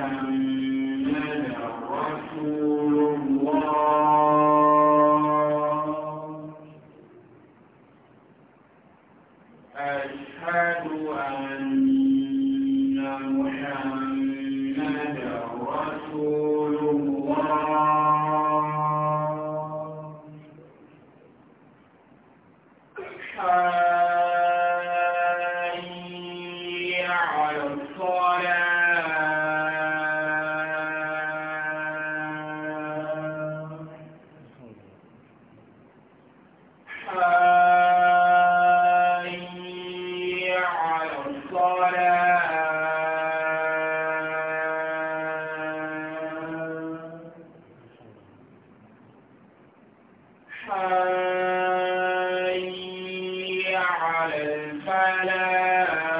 محمد رسول على الفلاح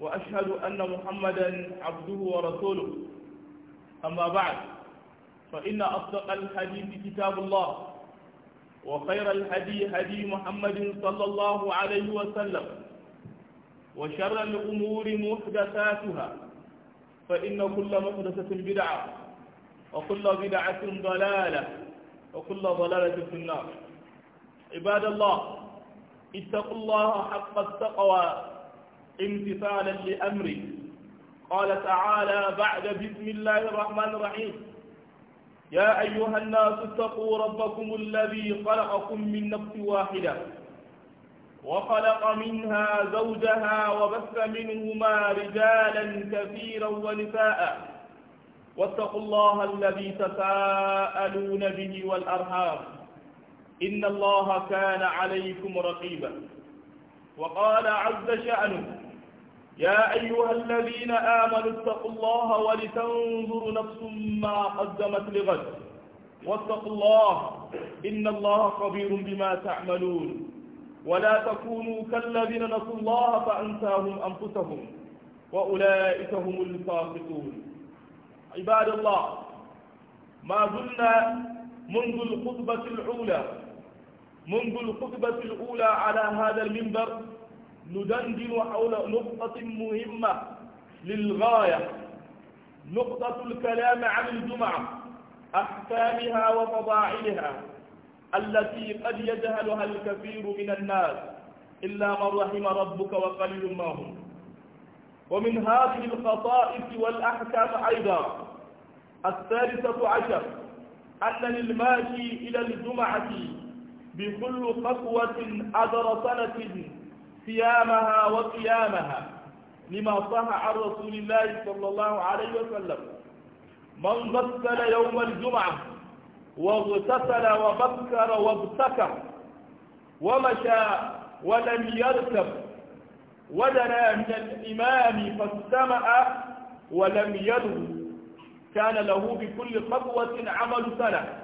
وأشهد أن محمدا عبده ورسوله أما بعد فإن أصدق الحديث كتاب الله وخير الهدي هدي محمد صلى الله عليه وسلم وشر الأمور محدثاتها فإن كل محدثة بدعة وكل بدعة ضلالة وكل ضلالة في النار عباد الله اتقوا الله حق التقوى امتثالا لأمره قال تعالى بعد بسم الله الرحمن الرحيم يا أيها الناس اتقوا ربكم الذي خلقكم من نفس واحدة وخلق منها زوجها وبث منهما رجالا كثيرا ونساء واتقوا الله الذي تساءلون به والأرهاب إن الله كان عليكم رقيبا وقال عز شأنه يا أيها الذين آمنوا اتقوا الله ولتنظر نفس ما قدمت لغد واتقوا الله إن الله خبير بما تعملون ولا تكونوا كالذين نسوا الله فأنساهم أنفسهم وأولئك هم الفاسقون عباد الله ما زلنا منذ الخطبة الأولى منذ الخطبة الأولى على هذا المنبر ندندن حول نقطة مهمة للغاية نقطة الكلام عن الجمعة أحكامها وفضائلها التي قد يجهلها الكثير من الناس إلا من رحم ربك وقليل ما هم ومن هذه الخصائص والأحكام أيضا الثالثة عشر أن للماشي إلى الجمعة بكل خطوة أدر سنة صيامها وقيامها لما صح عن رسول الله صلى الله عليه وسلم من غسل يوم الجمعة واغتسل وبكر وابتكر ومشى ولم يركب ودنا من الإمام فاستمع ولم يدعو كان له بكل خطوة عمل سنة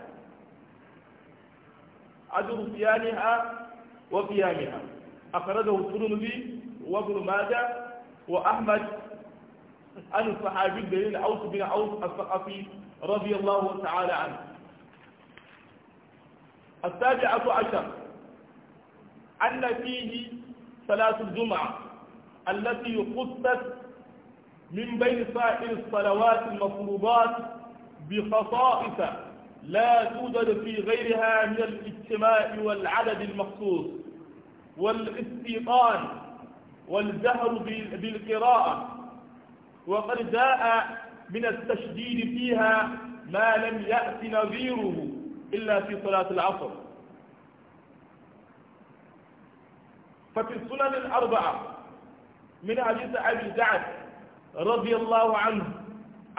عدو صيامها وقيامها أخرجه الترمذي وابن ماجه وأحمد عن الصحابي الدليل عوف بن عوف الثقفي رضي الله تعالى عنه السابعة عشر أن فيه صلاة الجمعة التي قدت من بين سائر الصلوات المفروضات بخصائص لا توجد في غيرها من الاجتماع والعدد المخصوص والاستيطان والجهر بالقراءة وقد جاء من التشديد فيها ما لم يأت نظيره إلا في صلاة العصر ففي السنن الأربعة من حديث أبي سعد رضي الله عنه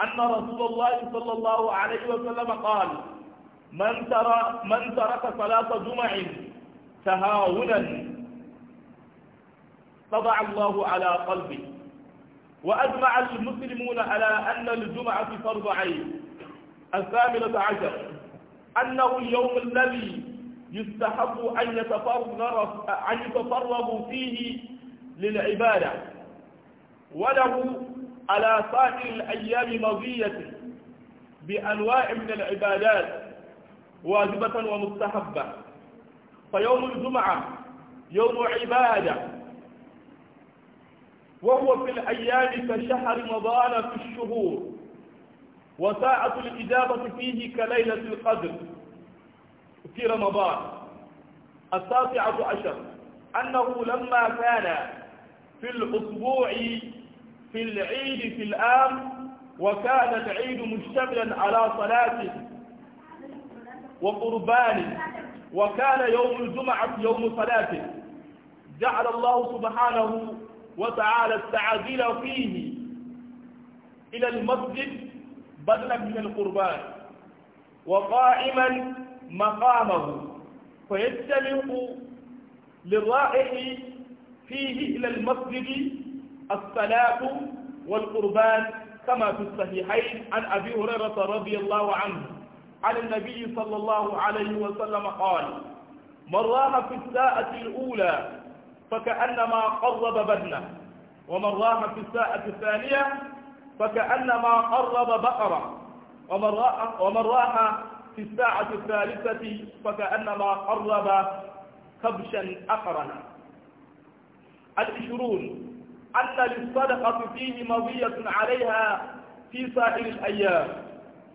أن رسول الله صلى الله عليه وسلم قال من ترى من ترك صلاة جمع تهاونا طبع الله على قلبه وأجمع المسلمون على أن الجمعة فرض عين الثامنة عشر أنه اليوم الذي يستحق أن يتفرغ أن يتفرغوا فيه للعبادة وله على سائر الأيام مضية بأنواع من العبادات واجبة ومستحبة فيوم الجمعة يوم عبادة وهو في الأيام كشهر رمضان في الشهور وساعة الإجابة فيه كليلة القدر في رمضان التاسعة عشر أنه لما كان في الأسبوع في العيد في الآن وكان العيد مشتملا على صلاة وقربان وكان يوم الجمعة يوم صلاة جعل الله سبحانه وتعالى التعجيل فيه إلى المسجد بدلا من القربان وقائما مقامه فيتلق للرائح فيه إلى المسجد الصلاة والقربان كما في الصحيحين عن أبي هريرة رضي الله عنه عن النبي صلى الله عليه وسلم قال من راح في الساعة الأولى فكأنما قرب بدنه ومن راح في الساعة الثانية فكأنما قرب بقرة ومن راح, ومن راح في الساعة الثالثة فكأنما قرب كبشا أقرنا العشرون أن للصدقة فيه مضية عليها في سائر الأيام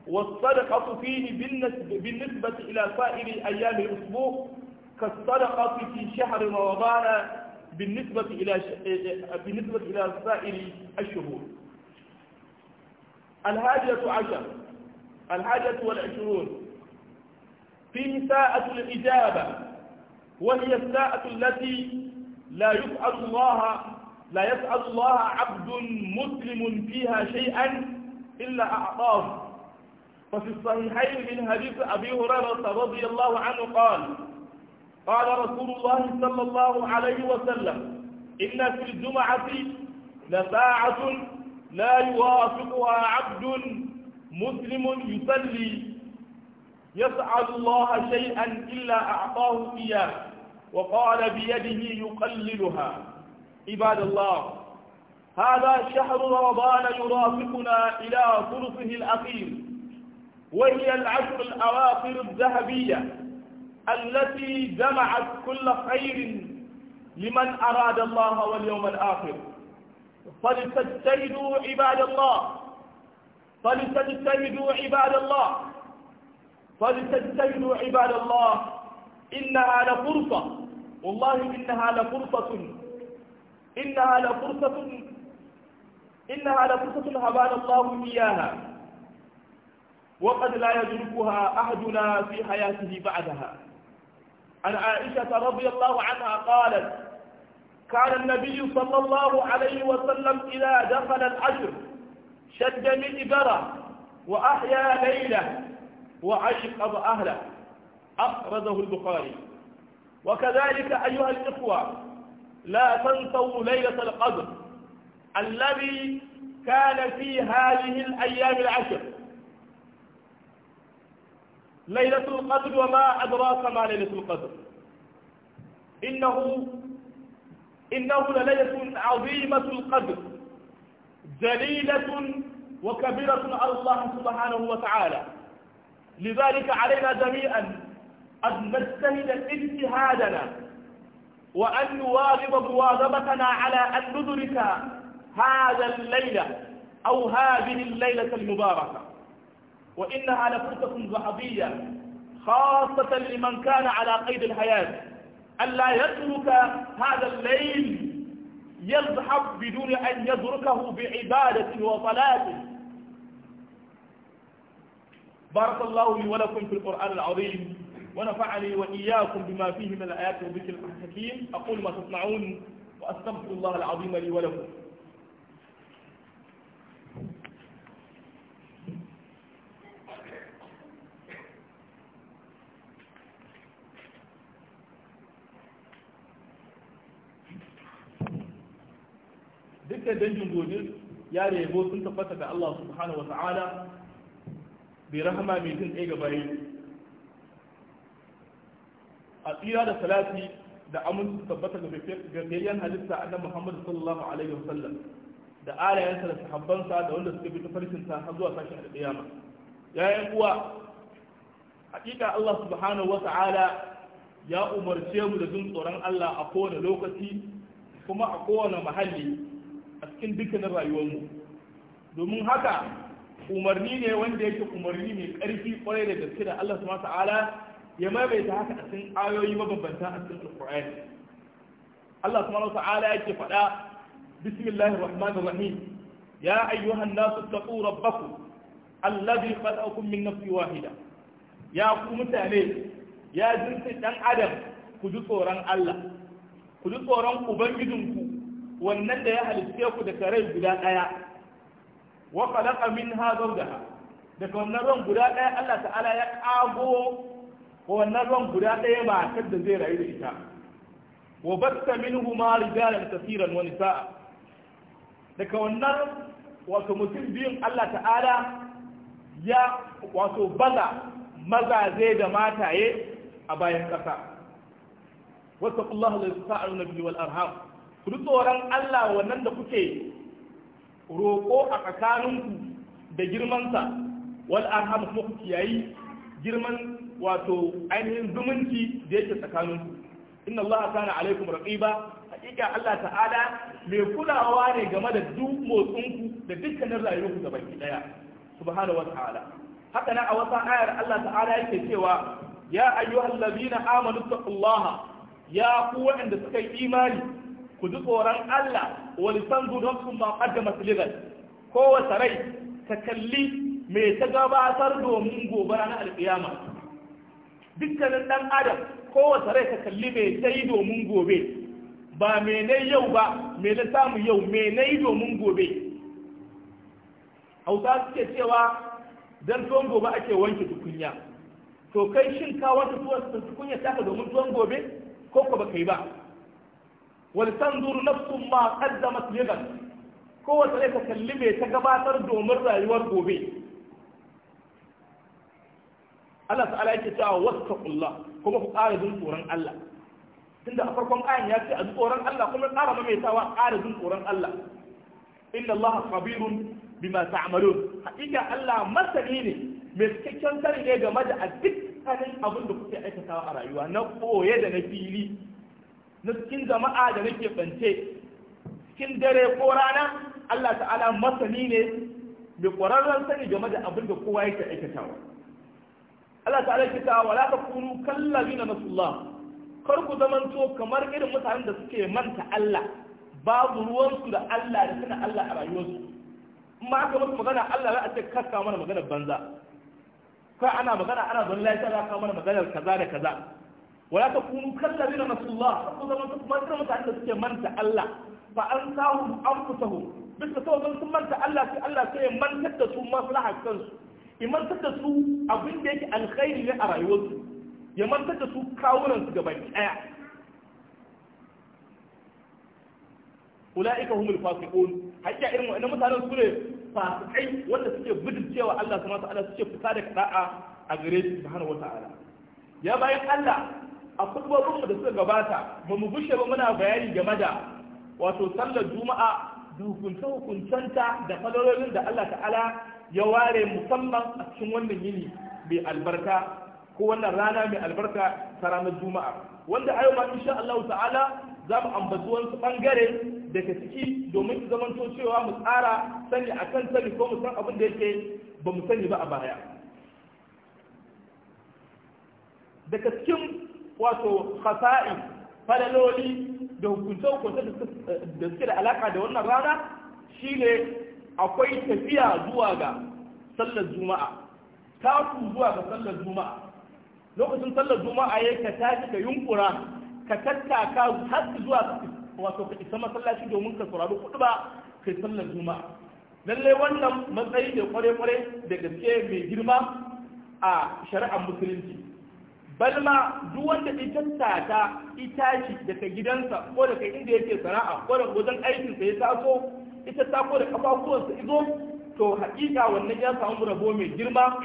والصدقة فيه بالنسبة, بالنسبة إلى سائر أيام الأسبوع كالصدقة في شهر رمضان بالنسبة إلى ش... إيه، إيه، بالنسبة إلى سائر الشهور الحاجة عشر الحاجة والعشرون فيه ساعة الإجابة وهي الساعة التي لا يسأل الله لا يسأل الله عبد مسلم فيها شيئا إلا أعطاه ففي الصحيحين من حديث أبي هريرة رضي الله عنه قال قال رسول الله صلى الله عليه وسلم إن في الجمعة لساعة لا يوافقها عبد مسلم يصلي يسأل الله شيئا إلا أعطاه إياه وقال بيده يقللها عباد الله هذا شهر رمضان يرافقنا إلى ثلثه الأخير وهي العشر الأواخر الذهبية التي جمعت كل خير لمن أراد الله واليوم الآخر فلتجتهدوا عباد الله فلتجتهدوا عباد الله فلتجتهدوا عباد الله إنها لفرصة والله إنها لفرصة إنها لفرصة إنها لفرصة هبان الله إياها وقد لا يدركها أحدنا في حياته بعدها عن عائشة رضي الله عنها قالت كان النبي صلى الله عليه وسلم إذا دخل العشر شد من إبرة وأحيا ليلة وأيقظ أهله أخرجه البخاري وكذلك أيها الإخوة لا تنسوا ليلة القدر الذي كان في هذه الأيام العشر ليلة القدر وما أدراك ما ليلة القدر إنه إنه لليلة عظيمة القدر جليلة وكبيرة على الله سبحانه وتعالى لذلك علينا جميعا أن نجتهد اجتهادنا وأن نواظب مواظبتنا على أن ندرك هذا الليلة أو هذه الليلة المباركة وإنها لفرصة ذهبية خاصة لمن كان على قيد الحياة ألا يترك هذا الليل يذهب بدون أن يدركه بعبادة وصلاة بارك الله لي ولكم في القرآن العظيم ونفعني وإياكم بما فيه من الآيات وذكر الحكيم أقول ما تصنعون وأستغفر الله العظيم لي ولكم duka dangin gobe ya da yabo sun tabbata ga Allah subhanahu wa ta'ala bai rahama mai jin ɗaya gaba a tsira da salati da aminci tabbata ga gafiyayyen halitta annabi Muhammad sallallahu alaihi wasallam da alayansa da sahabbansa da wanda suka bi tafarkin sa har zuwa sashen alƙiyama yayin uwa hakika Allah subhanahu wa ta'ala ya umarce mu da jin tsoron Allah a kowane lokaci kuma a kowane mahalli a cikin dukkanin rayuwarmu domin haka umarni ne wanda yake umarni mai ƙarfi kwarai da gaske da Allah subhanahu ta'ala ya maimaita haka a cikin ayoyi mabambanta a cikin alqur'ani Allah subhanahu ta'ala yake faɗa bismillahir rahmanir rahim ya ayyuhan nasu taqu rabbakum alladhi khalaqakum min nafsin wahida ya ku mutane ya jinsi dan adam ku ji tsoron Allah ku ji tsoron ubangijinku wannan da ya halitte ku daga rai guda ɗaya wa khalaqa minha zawjaha daga wannan ruwan guda ɗaya Allah ta'ala ya kago wannan ruwan guda ɗaya matar da zai rayu da ita wa batta minhuma rijalan kaseeran wa nisaa daga wannan wato mutum biyun Allah ta'ala ya wato baza mazaje da mataye a bayan ƙasa wasu Allah da sa'ar nabi wal arham ku tsoron Allah wannan da kuke roƙo a tsakaninku da girmansa wal arham kuma kiyayi girman wato ainihin zumunci da yake tsakaninku inna Allah kana alaikum raqiba hakika Allah ta'ala mai kulawa ne game da duk motsinku da dukkanin rayuwarku gaba ki daya subhanahu wa haka na a wata ayar Allah ta'ala yake cewa ya ayyuhallazina amanu taqullaha ya ku waɗanda suka yi imani ku ji tsoron Allah wani san don sun ba masu masiligar kowace rai ta kalli mai ta gabatar domin gobe ranar alƙiyama dukkanin ɗan adam kowace rai ta kalli mai ta yi domin gobe ba na yau ba me na samu yau na yi domin gobe hausa suke cewa don tuwon gobe ake wanke tukunya to kai shin ka wata tukunya taka domin tuwon gobe ko ba ka yi ba ولتنظر نفس ما قدمت لغد kowace rai ta kalli mai ta gabatar domin rayuwar gobe Allah ta'ala yake ka wattaqullah kuma ku ƙara jin Allah tunda a farkon kayan ya ce a tsoron Allah kuma ƙara maimaitawa ƙara jin tsoron Allah inna Allah khabirun bima ta'malun haƙiƙa Allah masani ne mai cikakken sani ne game da a kanin abin da kuke aikatawa a rayuwa na ɓoye da na fili na cikin jama'a da nake bance cikin dare ko rana Allah ta'ala masani ne da ƙwararren sani game da abin da kowa yake aikatawa Allah ta'ala ke ta wala ta kunu kallabi na nasullah kar ku zamanto kamar irin mutanen da suke manta Allah babu ruwansu da Allah da suna Allah a rayuwarsu in ma aka musu magana Allah za a ce kaka mana magana banza kai ana magana ana zan lafiya za ka mana maganar kaza da kaza wala ta kunu kallabi na nasullah ko zaman su kuma irin mutane da suke manta Allah fa an sahu anfusahu duk da sauran sun manta Allah sai Allah sai ya mantar da su ya mantar abin da yake alkhairi ne a rayuwarsu ya mantar da su kawunan su gaban daya ulaika humul fasiqun hakka irin wannan mutanen su ne fasikai wanda suke Allah suke fita a gare ya bayan Allah a mu da suka gabata ba mu bushe ba muna bayani game da wato sallar juma'a da hukuncanta da fadarorin da Allah ta'ala ya ware musamman a cikin wannan yini mai albarka ko wannan rana mai albarka ta ranar juma'a wanda a yau ma insha Allah ta'ala za mu ambaci wasu bangare daga ciki domin su zamanto cewa mu tsara sani a kan sani ko mu san abin da yake ba mu sani ba a baya daga cikin wato khasa'i falaloli da hukunta da suke da alaka da wannan rana shine akwai tafiya zuwa ga sallar juma'a taku zuwa ga sallar juma'a lokacin sallar juma'a ya ka tashi ka yunkura ka tattaka har zuwa wato ka isa masallaci domin ka saurari kudu ba kai sallar juma'a lalle wannan matsayi da kware-kware da gaske mai girma a shari'ar musulunci balma duk wanda ya tattata itaci daga gidansa ko daga inda yake sana'a ko daga wajen aikin sa ya taso ita ko da sa izo to hakika wannan ya samu rabo mai girma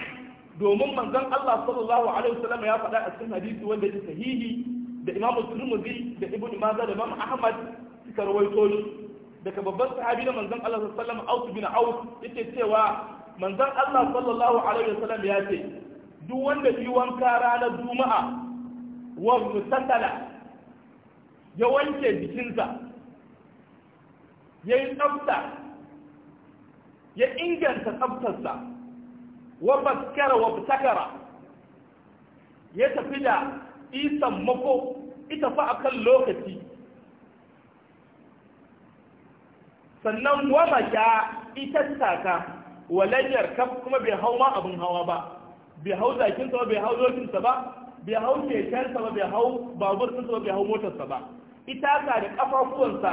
domin manzon Allah sallallahu alaihi wasallam ya faɗa a cikin hadisi wanda yake sahihi da Imam Tirmidhi da Ibn Majah da Imam Ahmad suka rawaito shi daga babban sahabi na manzon Allah sallallahu alaihi wasallam Aus bin Auf yake cewa manzon Allah sallallahu alaihi wasallam ya ce duk wanda shi wanka ranar juma'a wa mutasala ya wanke jikinsa ya yi tsafta ya inganta tsaftarsa wa baskara wa fitakara ya tafi da isan mako ita fa akan lokaci sannan wa baka ita taka walayyar kaf kuma bai hau ma abin hawa ba bai hau jakinsa ba bai hau dokinsa ba bai hau kekensa ba bai hau babur ba bai hau motarsa ba itaka da ƙafafuwansa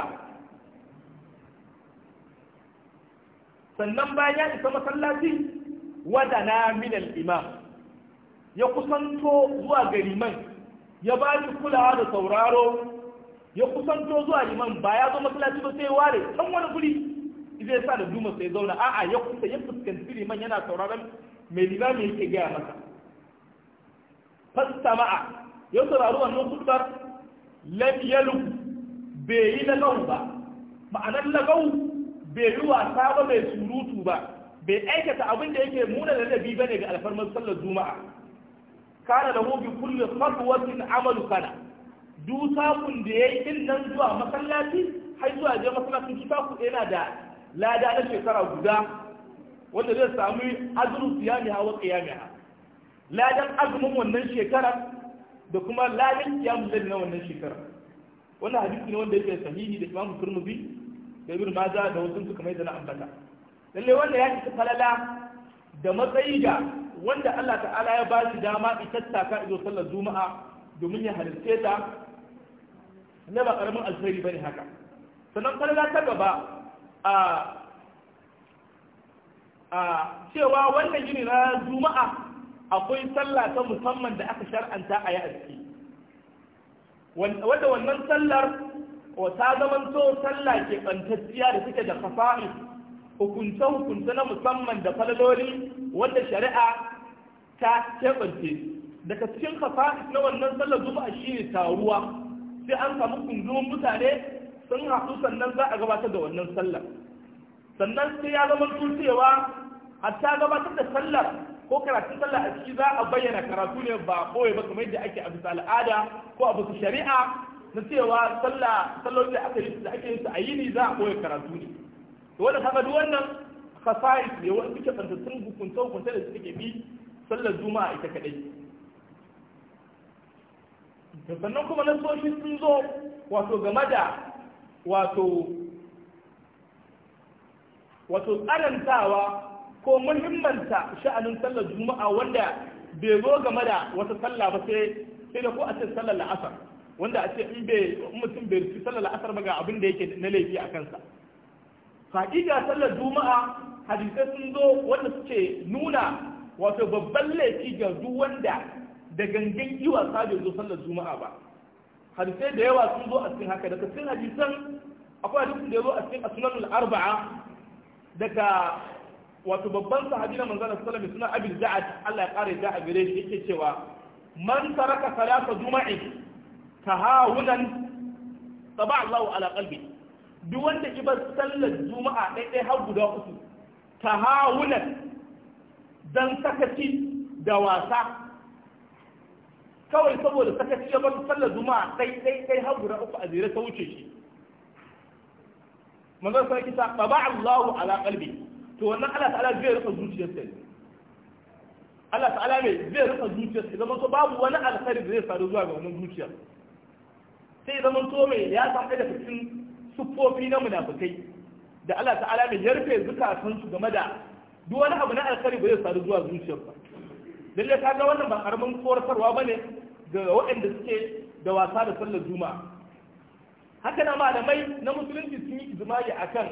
sannan bayan ya isa masallaci wadana minal imam ya kusanto zuwa ga liman ya ba shi kulawa da sauraro ya kusanto zuwa liman ba ya zo masallaci ba sai ware can wani guri zai sa da duma sai zauna a'a ya kusa ya fuskanci liman yana sauraron mai limami yake gaya masa ma'a ya saurari wannan khutbar lam yalu bai yi lagau ba ma'anar lagau bai yi wasa ba mai surutu ba bai aikata abin da yake muna da nabi ne ga alfarmar sallar juma'a kana da bi kulli khatwatin amalu kana du sakun da yayi din nan zuwa masallaci har zuwa je masallacin kitabu yana da lada na shekara guda wanda zai sami azumin siyamiha wa qiyamiha ladan azumin wannan shekara da kuma ladan qiyamul zai na wannan shekara wannan hadisi ne wanda yake sahihi da Imam Tirmidhi da Ibn maza da wasu suka mai da ambata lalle wanda ya ci falala da matsayi da wanda Allah ta'ala ya ba shi dama itattaka izo sallar juma'a domin ya halarce ta na ba karamin alheri bane haka sannan falala ta gaba a a cewa wannan gini na juma'a akwai sallah ta musamman da aka shar'anta a yi aski wadda wannan sallar ta zaman to sallah ke ɓantacciya da suke da fasa'i hukunce-hukunce na musamman da falaloli wanda shari'a ta keɓance daga cikin fasa'i na wannan sallar juma'a shi ne taruwa sai an samu kunzumin mutane sun haɗu sannan za a gabatar da wannan sallar sannan sai ya zama a ta gabatar da sallar ko karatu sallar a ciki za a bayyana karatu ne ba koyi ba kamar yadda ake a bisa al'ada ko a bisa shari'a na cewa sallah sallolin da aka yi da ake yin su a yini za a koyi karatu ne to wanda kaga duk wannan khasa'is ne wanda suke tsantattun hukunta hukunta da suke bi sallar juma'a ita kadai sannan kuma nasoshi sun zo wato game da wato wato tsarantawa ko muhimmanta sha'anin sallar juma'a wanda bai zo game da wata sallah ba sai sai da ko a ce sallar la'asar wanda a ce in bai mutum bai rufi sallar la'asar ba ga abin da yake na laifi a kansa haƙiƙa sallar juma'a hadisai sun zo wanda suke nuna wato babban laifi ga duk wanda da gangan iwa sa bai zo sallar juma'a ba hadisai da yawa sun zo a cikin haka daga cikin hadisan akwai hadisin da ya zo a cikin asnanul arba'a daga wato babban sahabi na manzon sallallahu suna abin da'ad Allah ya kare da gare shi yake cewa man taraka salata juma'i tahawunan taba Allahu ala qalbi duk wanda ki bar sallar juma'a ɗaiɗai har guda uku tahawunan dan sakaci da wasa kawai saboda sakaci ya bar sallar juma'a ɗaiɗai har guda uku a zira ta wuce shi manzon sai kisa ba Allahu ala qalbi to wannan Allah ta'ala zai rufe zuciyarsa ne Allah ta'ala mai zai rufe zuciyarsa zama to babu wani alkhairi da zai faru zuwa ga wannan zuciyar sai zama to mai ya san da cikin sufofi na munafikai da Allah ta'ala mai ya rufe zukatan su game da duk wani abu na alkhairi ba zai faru zuwa zuciyar ba lalle ka ga wannan ba karamin korasarwa bane ga waɗanda suke da wasa da sallar juma'a haka na malamai na musulunci sun yi ijma'i akan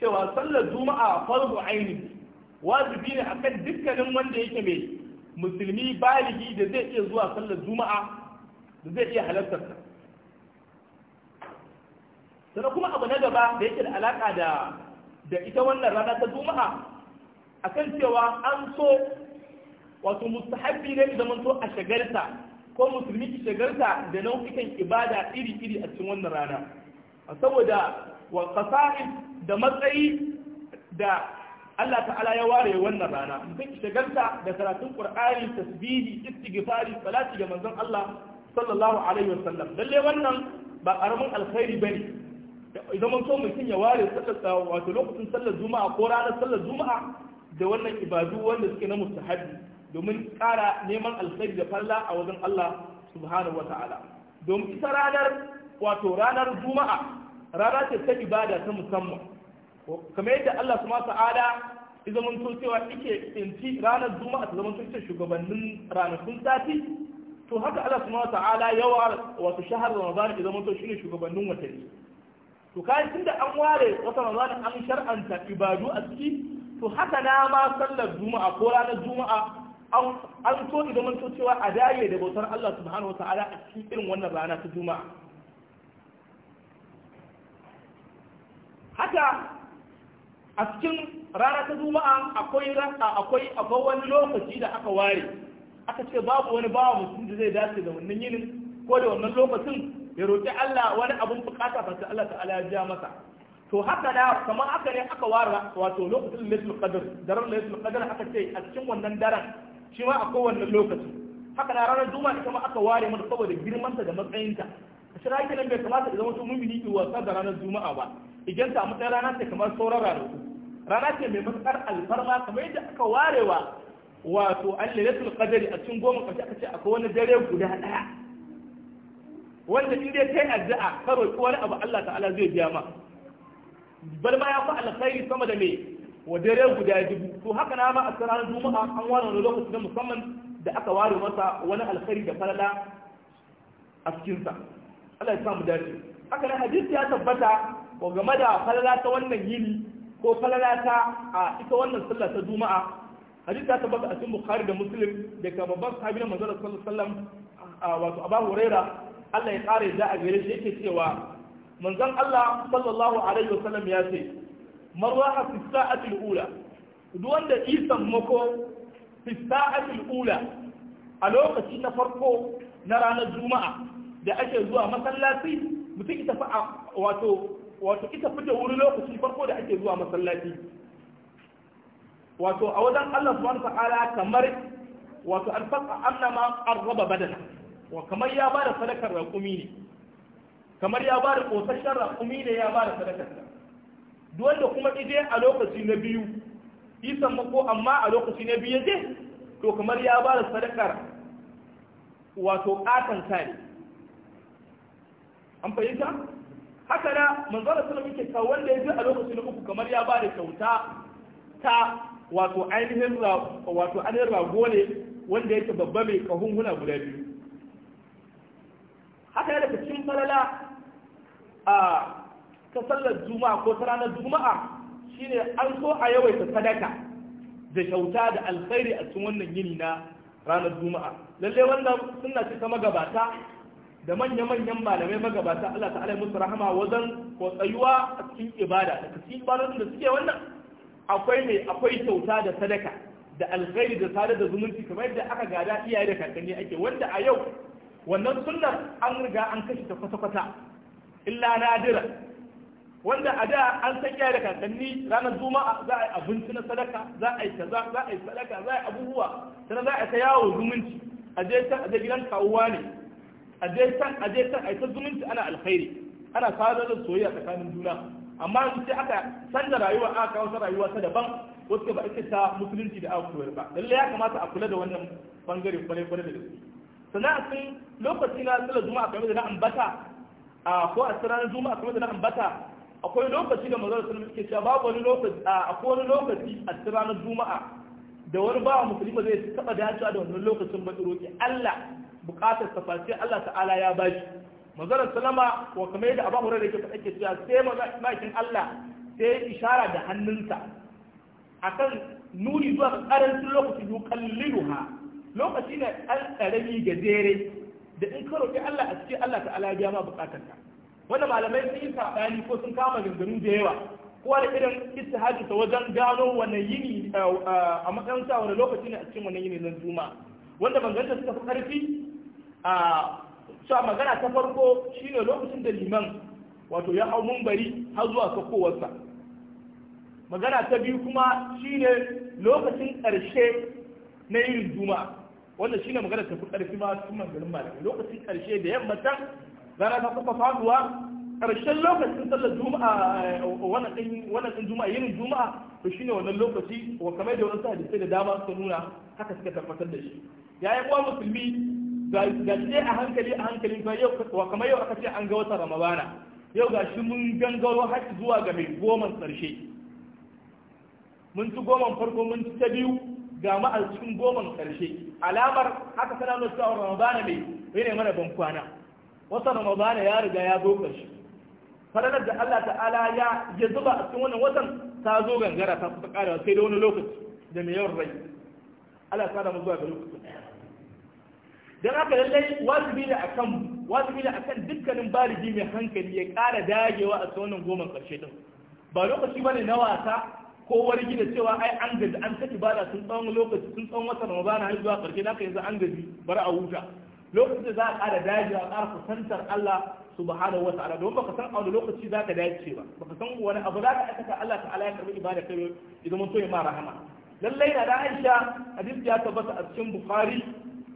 cewa sallar juma'a farzu aini wajibi ne akan dukkanin wanda yake mai musulmi baligi da zai iya zuwa sallar juma'a da zai iya halartar ta sannan kuma abu na gaba da yake da alaka da da ita wannan rana ta juma'a akan cewa an so wato mustahabbi ne da manto a shagarta ko musulmi ki shagarta da nau'ikan ibada iri-iri a cikin wannan rana saboda wa da matsayi da Allah ta'ala ya ware wannan rana mutum ki shagarta da karatun qur'ani tasbihi istighfari salati ga manzon Allah sallallahu alaihi wasallam lalle wannan ba karamin alkhairi bane idan mun so mutum ya ware sallar wato lokacin sallar juma'a ko ranar sallar juma'a da wannan ibadu wanda suke na mustahabi domin ƙara neman alkhairi da falla a wajen Allah subhanahu wata'ala domin ita ranar wato ranar juma'a rana ce ta ibada ta musamman kamar yadda Allah su subhanahu wata'ala ya zamanto cewa ike tsinci ranar juma'a ta zamanto ita shugabannin ranakun sati to haka Allah su subhanahu wata'ala yawa wato shahar Ramadan ya zamanto shine shugabannin watanni to kayan tunda an ware wata Ramadan an shar'anta ibadu a ciki to haka na ma sallar juma'a ko ranar juma'a an so da so cewa a daye da bautar Allah subhanahu wa ta'ala a cikin irin wannan rana ta juma'a haka a cikin rana ta juma'a akwai akwai akwai wani lokaci da aka ware aka ce babu wani bawa mutum da zai dace da wannan yinin ko da wannan lokacin ya roƙi Allah wani abun bukata ba sai Allah ta'ala ya ja masa to haka da kamar haka ne aka ware wato lokacin lailatul qadr daren lailatul qadr aka ce a cikin wannan daren shi ma a kowane lokaci haka na ranar juma'a ita ma aka ware mata saboda girmanta da matsayinta a shi rakin nan bai kamata da zama su mumini miliki wasa da ranar juma'a ba idan ta matsayin rana ce kamar sauran ranaku rana ce mai matuƙar alfarma kamar yadda aka warewa wato allailatul qadari a cikin goma ƙarshe aka ce akwai wani dare guda ɗaya wanda in dai kai addu'a ka ko wani abu Allah ta'ala zai biya ma bar ma ya fi alkhairi sama da me wa dare guda dubu to haka na ma a ranar juma'a an wani wani lokaci na musamman da aka ware masa wani alkhari da falala a cikinsa Allah ya samu dace haka nan hadisi ya tabbata ko game da falala ta wannan yini ko falala ta a ita wannan sallah ta juma'a hadisi ya tabbata a cikin bukhari da muslim daga babban sahabi na manzon sallallahu alaihi wasallam wato abu huraira Allah ya kare da a gare shi yake cewa manzon Allah sallallahu alaihi wasallam ya ce marwaha fi sa'atil ula duk wanda isan mako fi sa'atil ula a lokaci na farko na ranar juma'a da ake zuwa masallaci mutum ita fa wato wato ita fi da wuri lokaci farko da ake zuwa masallaci wato a wajen Allah subhanahu ta'ala kamar wato alfaqa annama arraba badana wa kamar ya bada sadakar raƙumi ne kamar ya bada kosasshen raƙumi ne ya bada sadakar wanda kuma ije a lokaci na biyu isan mako amma a lokaci na biyu je to kamar ya ba da sadakar wato ƙatan ne an fahimta haka na manzara suna muke ka wanda ya je a lokaci na uku kamar ya ba da kyauta ta wato ainihin wato ainihin rago ne wanda yake babba mai kahunhuna guda biyu haka yana daga cikin falala a ta sallar juma'a ko ta ranar juma'a shine an so a yawaita sadaka da kyauta da alkhairi a cikin wannan yini na ranar juma'a lalle wannan suna ce ta magabata da manya-manyan malamai magabata Allah ta'ala musu rahama wajen ko tsayuwa a cikin ibada da cikin ibadodin da suke wannan akwai ne, akwai kyauta da sadaka da alkhairi da sadar da zumunci kamar yadda aka gada iyaye da kakanni ake wanda a yau wannan sunnar an riga an kashe ta kwata-kwata illa nadira wanda a da an san da kakanni ranar juma'a za a yi abinci na sadaka za a yi kaza za a yi sadaka za a yi abubuwa sannan za a ta yawo zumunci a je san a je gidan kawuwa ne a je san a je san a yi ta zumunci ana alkhairi ana sadar da soyayya tsakanin juna amma yanzu sai aka canza rayuwa aka kawo ta rayuwa ta daban wasu ba ita ta musulunci da aka koyar ba lallai ya kamata a kula da wannan bangare kwarai-kwarai da gaske sannan a cikin lokaci na sallar juma'a kamar da na ambata a ko a ranar juma'a kamar da na ambata akwai lokaci da manzon sallallahu alaihi cewa babu wani lokaci akwai wani lokaci a ranar juma'a da wani ba bawa musulma zai taba dacewa da wannan lokacin ba roki Allah bukatar sa Allah ta'ala ya bashi manzon sallama wa kamar yadda Abu Hurairah yake faɗa ke cewa sai manzon Allah sai ya ishara da hannunsa akan nuni zuwa ga karancin lokaci yuqalliluha lokaci ne an karami gajere da in ka roki Allah a cikin Allah ta'ala ya biya ma bukatarka wanda malamai sun yi saɓani ko sun kama ganganu da yawa kowa da irin istihadi ta wajen gano wannan yini a matsayin sa wani lokaci ne a cikin wannan yini na juma'a wanda banganta suka fi ƙarfi a cewa magana ta farko shine lokacin da liman wato ya hau mumbari har zuwa sakowarsa magana ta biyu kuma shine lokacin ƙarshe na yin juma'a wanda shine magana ta fi ƙarfi ma cikin maganganun malamai lokacin ƙarshe da yamma rana ta kuka faduwa ƙarshen lokacin sallar juma'a eh, wannan ɗin juma'a yinin juma'a to shine wannan lokaci wa kamar da wasu hadisai da dama suka nuna haka suka tabbatar da shi ya yi kuwa musulmi ga ce a hankali a hankali ba yau wa kamar yau aka ce an ga wata ramadana yau ga shi mun gangaro har zuwa ga mai goman ƙarshe mun ci goman farko mun ci ta biyu ga ma'al cikin goman ƙarshe alamar haka tana nuna cewa ramadana ne yana mana ban kwana wata ramadana ya riga ya zo ƙarshe falalar da Allah ta'ala ya ya zuba a cikin wannan watan ta zo gangara ta kusa karewa sai da wani lokaci da mai yawan rai Allah ta mu zuwa ga lokacin Don haka lallai wajibi ne akan wajibi ne akan dukkanin baligi mai hankali ya ƙara dagewa a cikin wannan goma ƙarshe din ba lokaci bane na wasa ko wani gida cewa ai an gaji an ta ibada sun tsawon lokaci sun tsawon wata ramadana har zuwa ƙarshe naka yanzu an gaji bari a huta lokacin da za a ƙara daji a ƙara kusantar Allah subhanahu wata'ala don baka san a wani lokaci za ka dace ba baka san wani abu za ka aikata Allah ta'ala ya karbi ibada kai idan mun so ya ma rahama lallai na da Aisha hadisi ya tabbata a cikin Bukhari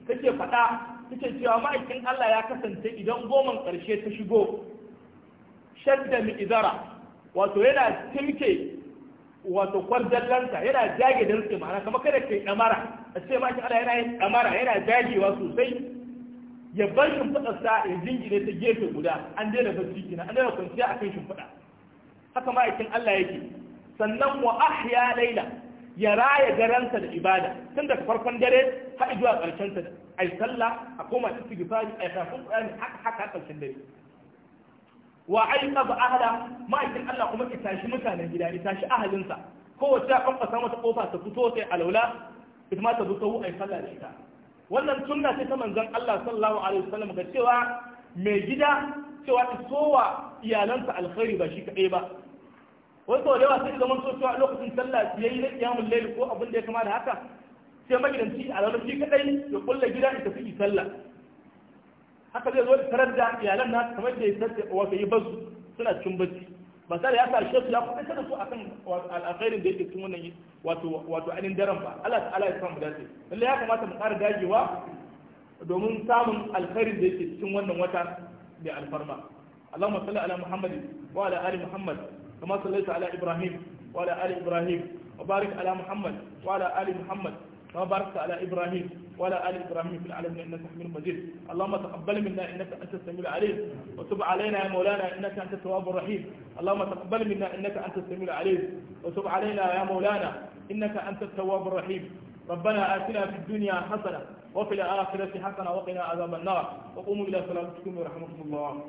take faɗa take cewa ma'aikin Allah ya kasance idan goman ƙarshe ta shigo shadda mi idara wato yana tilke wato kwardallanta yana jage da rike ma'ana kamar kada kai damara a ce maki Allah yana yin damara yana jagewa sosai ya bar sa ya jingine ta gefe guda an daina barci kina an daina kwanciya a kan shimfiɗa haka ma'aikin Allah yake sannan wa ahya laila ya raya garansa da ibada tun daga farkon dare har zuwa ƙarshen ta ai sallah a koma ta tigifari ai kafin Qur'ani haka haka ƙarshen dare wa aika ba ahla ma'aikin Allah kuma ya tashi mutanen gida ya tashi ahalinsa kowace a kwamfasa mata kofa ta fito sai alaula ita ma ta zo ta ai sallah da ita wannan sunna ce ta manzon Allah sallallahu alaihi wasallam ga cewa mai gida cewa isowa iyalansa alkhairi ba shi kadai ba wai sau da yawa sai zaman so cewa lokacin sallah yayi na kiyamul layl ko abin da ya kama da haka sai magidanci a ranar shi kadai ya kulle gida ya tafi sallah haka zai zo da tarar da iyalan na kamar da ya wato yi basu suna cin bacci basar ya sa shekku ya kuɗa da su akan alkhairin da yake cikin wannan wato wato anin daren ba Allah ta'ala ya samu dace lalle ya kamata mu ƙara dagewa domin samun alkhairin da yake cikin wannan wata da alfarma Allahumma salli ala Muhammad wa ala ali Muhammad kama sallaita ala Ibrahim wa ala ali Ibrahim wa barik ala Muhammad wa ala ali Muhammad وبارك باركت على إبراهيم ولا آل إبراهيم في العالمين إنك حميد مجيد اللهم تقبل منا إنك أنت السميع العليم وتب علينا يا مولانا إنك أنت التواب الرحيم اللهم تقبل منا إنك أنت السميع العليم وتب علينا يا مولانا إنك أنت التواب الرحيم ربنا آتنا في الدنيا حسنة وفي الآخرة حسنة وقنا عذاب النار وقوموا إلى صلاتكم ورحمكم الله